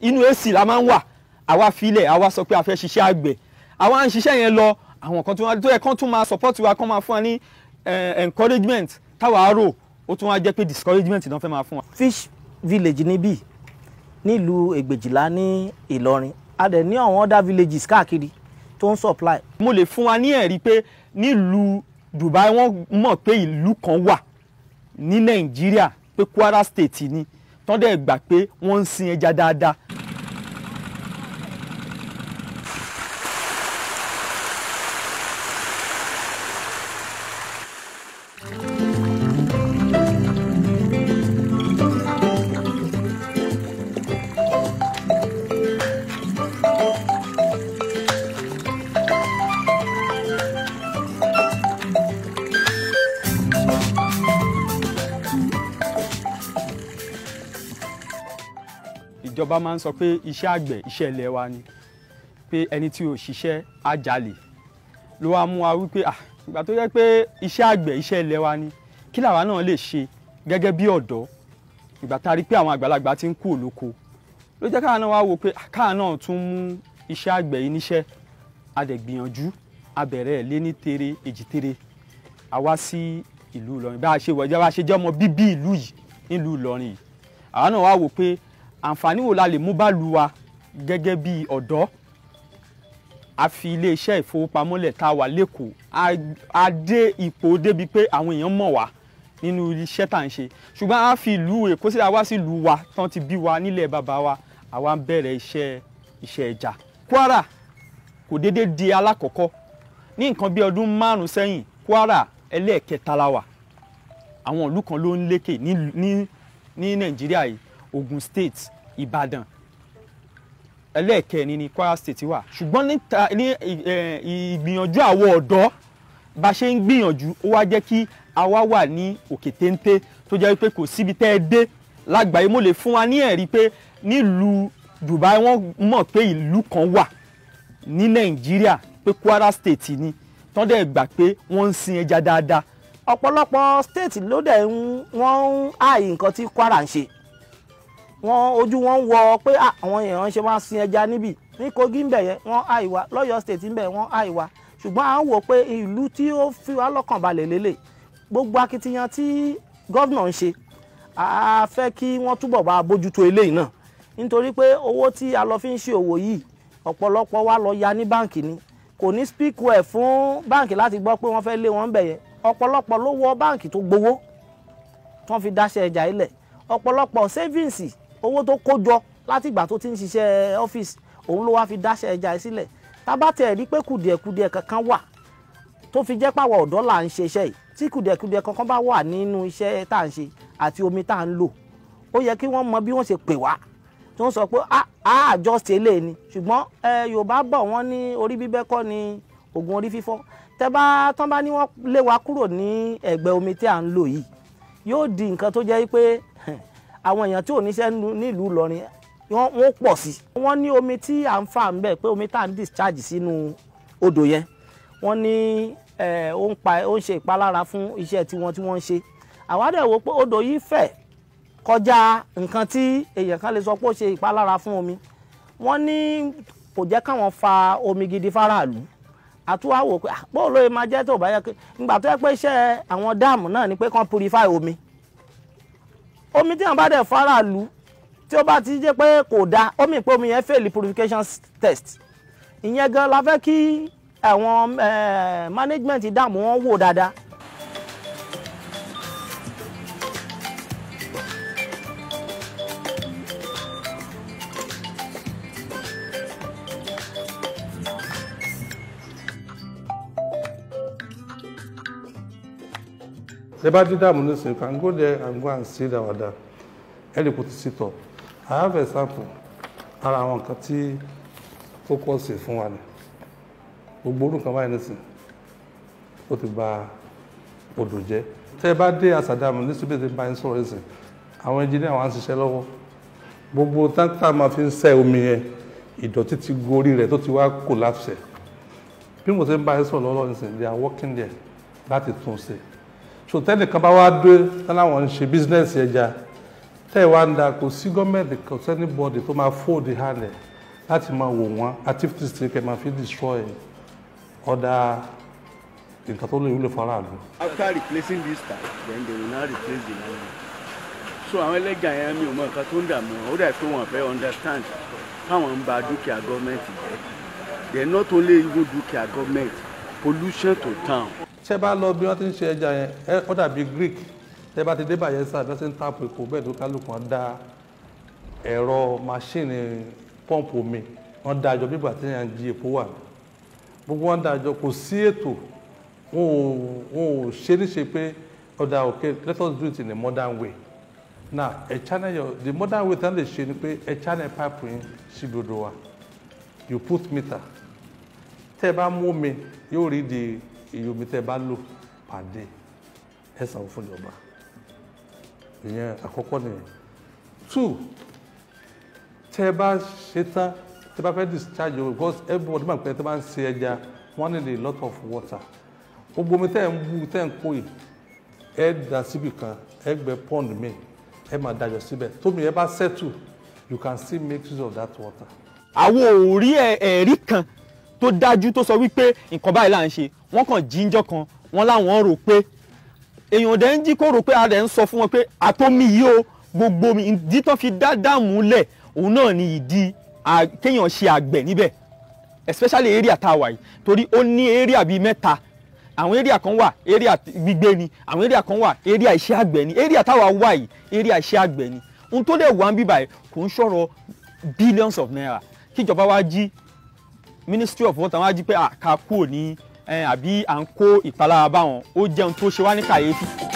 inú èsì la máa ń wà àwa filẹ̀ àwa sọ pé a fẹ́ ṣiṣẹ́ àgbẹ̀ àwa ń ṣiṣẹ́ yẹn lọ àwọn kan tó yẹ kán tún máa support wa kán máa fún wa ní eh, encouragement táwa á rò ó tún wá jẹ́ pé discouragement náà fẹ́ máa fún wa. fish village níbí nílùú ẹgbẹ̀jìlá ní ìlọrin a dẹ̀ ní àwọn other villages káàkiri tó ń supply. mo lè fún wa ní ẹ̀rí pé nílùú Dubai wọ́n mọ̀ pé ìlú kan wà ní Nàìjíríà pé Kwara state ni tọ́dẹ̀ gbà pé wọ́n ń sin ẹja dáadáa ìjọba máa ń sọ pé iṣẹ́ àgbẹ̀ iṣẹ́ ilẹ̀ wa ni pé ẹni tí ò ṣiṣẹ́ á jalè ló wá mú wa wípé ah ìgbà tó yẹ pé iṣẹ́ àgbẹ̀ iṣẹ́ ilẹ̀ wa ni kí làwa náà lè ṣe gẹ́gẹ́ bí ọ̀dọ́ ìgbà tá a rí pé àwọn àgbàlagbà ti ń kú òlóko ló jẹ́ káà náà wá wò pé káà náà tún mú iṣẹ́ àgbẹ̀ yìí níṣẹ́ a dẹ̀ gbìyànjú a bẹ̀rẹ̀ lé ní tere èjì tere a wá sí ìlú Ìlọrin bá a ṣe wọ̀jẹ́ bá a ṣe jẹ́ ọmọ bíbí ìlú yìí nílùú Ìlọrin yìí àwa náà wá wò pé àǹfààní wo la lè mú bá lu wa gẹ́gẹ́ bí ọ̀dọ́ a fi iléeṣẹ́ ìfowópamọ́lẹ̀ tá a wà lẹ́kọ̀ọ́ a dé ipò débi pé àwọn èèyàn mọ̀ wá nínú iṣẹ́ tá à ń ṣe ṣùgbọ́n a fi ìlú èkó síta wá sí ìlú wa tán ti bí wa nílẹ̀ bàbá wa àwa ń bẹ̀rẹ̀ iṣẹ́ iṣẹ́ ẹja Kwara kò déédé di alákọ̀ọ́kọ́ ní nǹkan bí ọdún márùn-ún sẹ́yìn Kwara ẹlẹ́ẹ̀kẹta la wà àwọn ìlú kan ló ń lékè ní ní Nàìjíríà yìí Ogun State ìbàdàn ẹlẹ́ẹ̀kẹ́ni ni kwara state wà ṣùgbọ́n níta ní ìgbìyànjú àwọn ọ̀dọ́ bá ṣe ń gbìyànjú ó wá jẹ́ kí àwa wà ní òkè téńté tó jẹ́ pé kò síbi tẹ́ ẹ dé lágbàáyé mo lè fún wa ní ẹ̀rí pé nílùú Dubai wọ́n mọ̀ pé ìlú kan wà ní Nàìjíríà pé Kwara state ni tán dẹ̀ gbà pé wọ́n ń sin ẹja dáadáa. ọ̀pọ̀lọpọ̀ state ló dẹ̀ ń wọ́n ń àì nǹkan tí Kwara ń ṣe wọn ojú wọn ń wọ pé ah, àwọn èèyàn ṣe máa sin ẹja níbì ní Kogi ń bẹ̀ yẹn wọ́n àìwá lọ́yọ̀ state ń bẹ̀ wọ́n àìwá ṣùgbọ́n à ń wò pé ìlú tí ó fi wá lọ́kàn balẹ̀ lélẹ̀ gbogbo akitiyan tí gọ́vnà ń ṣe a fẹ́ kí wọ́n túbọ̀ bá bójútó eléyìí náà nítorí pé owó tí a lọ fi ń ṣe òwò yìí ọ̀pọ̀lọpọ̀ wa lọ ya ní báǹkì ni kò ní speak well fún báǹkì láti gbọ́ pé wọ́n fẹ́ lé wọn bẹ̀ yẹn ọ̀pọ̀lọpọ̀ ló wọ báǹkì tó gbowó tán fi dáṣẹ́ ẹja ilẹ̀ ọ̀pọ̀lọpọ̀ savings owó tó kó jọ láti ìgbà tó ti ń ṣiṣẹ́ ọ́fíìsì òun ló wá fi dáṣẹ́ ẹja ẹ sílẹ̀ tábàtẹ̀ rí pé kùdìẹ̀kùdìẹ̀ kankan wà tó fi jẹ́ pàwọ̀ ọ̀dọ́ là ń ṣe iṣẹ́ yìí tí kùdìẹ̀kùdìẹ̀ kankan bá wà nínú iṣẹ́ tá à ń ṣe àti omi tá à ń lò ó yẹ kí wọ́n mọ bí wọ́n ṣe pè wá tí wọ́n sọ pé àjọ tẹ́lẹ̀ ni ṣùgbọ́n Yorùbá bọ̀ wọ́n ní orí bíbẹ́ kọ́ ni oògùn orí fífọ́ tẹ́bá tán bá ní wọ́n lé wa kúrò ní ẹ̀gbẹ́ omi tí à ń lò yìí yóò di nǹkan tó jẹ́ pé àwọn èèyàn tí ò níṣẹ́ nílùú Ìlọrin wọ́n pọ̀ sí i. wọ́n ní omi tí à ń fà ń bẹ̀ pé omi tá à ń discharge sínú odò yẹn wọ́n ní ó ń pa ó ń ṣe ìpalára fún iṣẹ́ tiwọn tí wọ́n ń ṣe àwa dẹ̀ pé odò yìí fẹ̀ kọjá nǹkan tí èèyàn kan lè sọ pé ó ṣe ìpalára fún omi wọ́n ní kò jẹ́ káwọn fa omi gidi fáráàlú àtúwá wò pé ah, bóòlóye máa jẹ́ tó bá yẹ nígbà tó yẹ pé iṣẹ́ àwọn dáàmù náà ni pé kán purify omi omi tí wọn bá dẹ̀ faraàlú tí ó bá ti jẹ́ pé kò da omi pé omi yẹn fail purification test ìyẹn gan la fẹ́ kí àwọn eh, management dààmú wọn wò dáadáa ṣe bá dí dààmú nísìnyí you can go there and go and see our other ẹ lè sit up i have example ara àwọn nǹkan tí Focus kọ́ sí fún wa ni gbogbo orúkọ báyìí nísìnyí ó ti ba odò jẹ́ tẹ́ ẹ bá dé àsàdàmù nísìnyí bí ẹ ti bá ń sọ̀rọ̀ ẹ̀sìn àwọn ẹnjìnìá wa ń ṣiṣẹ́ lọ́wọ́ gbogbo táǹkà máa fi ń sẹ́ omi yẹn ìdọ̀tí ti gorí rẹ̀ tó ti wá collapse bí mo ṣe ń bá ẹ sọ̀rọ̀ lọ́wọ́ nísìnyí they are working there láti tún ṣe so tẹ́nìkan bá wá dé láwọn ń ṣe bísínẹ́sì ẹja tẹ́ ẹ̀ wá ń da kò sí gọ́ọ̀mẹ̀ntì kò sẹ́ni bọ́ọ̀dì tó máa fóòdì halẹ̀ láti máa wò wọ́n activities tí kẹ́ máa fi destroy ọ̀dà nǹkan tó lè wúlò fún aráàlú. after replacing this tank then they will now replace the land so àwọn ẹlẹ́gàn yẹn mi ò mọ nǹkan tó ń dààmú wọn ó dà pé wọn fẹ́ understand káwọn ń ba dúkìá gọ́ọ̀mẹ̀ntì jẹ́ they not only even dúkìá gọ́ọ̀mẹ̀ntì pollution to town ṣe bá lọ bí wọ́n ti ń ṣe ẹja yẹn ó dàbí greek tẹ bá ti dé Bayelsa bí wọ́n ti ń tàpù epo bẹ́ẹ̀ tó kálukú wọn dá ẹ̀rọ máṣíìnì pọ́ǹpù omi wọ́n dá àjọ bíbà tí yẹn ń jí epo wà gbogbo wọn dá àjọ kò sí ètò wọn ò ṣe níṣe pé ọ̀dà okay let us do it in a modern way now ẹ̀ channel your the modern way tán lè ṣe ni pé ẹ̀ channel pipe yín sí gbogbo wa you put meter tẹ́ ẹ bá mú omi yóò rí di iye omi tẹ́ bá lò pàdé ẹ sanwó fún ìjọba ìyẹn àkọ́kọ́ nìyẹn two tẹ́ bá ṣe tán tẹ́ bá fẹ́ discharge o because everybody máa ń pẹ́ tẹ́ bá ń ṣe ẹja wọ́n need a lot of water gbogbo omi tẹ́ ń bu tẹ́ ń kó yìí ẹ dà síbì kan ẹ gbẹ pond mi ẹ máa dàjọ síbẹ̀ tómi ẹ bá settle you can still make use of that water. àwọn ò rí ẹ̀rí kan tó dájú tó sọ wípé nǹkan báyìí là ń ṣe wọ́n kàn jíjọ́ kan wọ́n láwọn rò pé èèyàn dẹ̀ ń jí kó rò pé a dẹ̀ ń sọ fún wọn pé àtọ́mi yìí o gbogbo mi ìdí tó fi dá dáàmú lẹ̀ òun náà ni ìdí kéèyàn ṣe àgbẹ̀ níbẹ̀ especially area tá a wà yìí torí ó ní area bíi mẹ́ta àwọn area kan wà area gbígbé ni àwọn area kan wà area iṣẹ́ àgbẹ̀ ni area táwa wà yìí area iṣẹ́ àgbẹ̀ ni ohun tó dẹ̀ wà ń bíbà yìí kò ń ṣọ̀rọ̀ billions of naira kíjọba wa jí ministry of water wọn á jí pé àkàkùn òní àbí à ń kó ìpalára báwọn ó jẹun tó ṣe wá ní kàyéfì.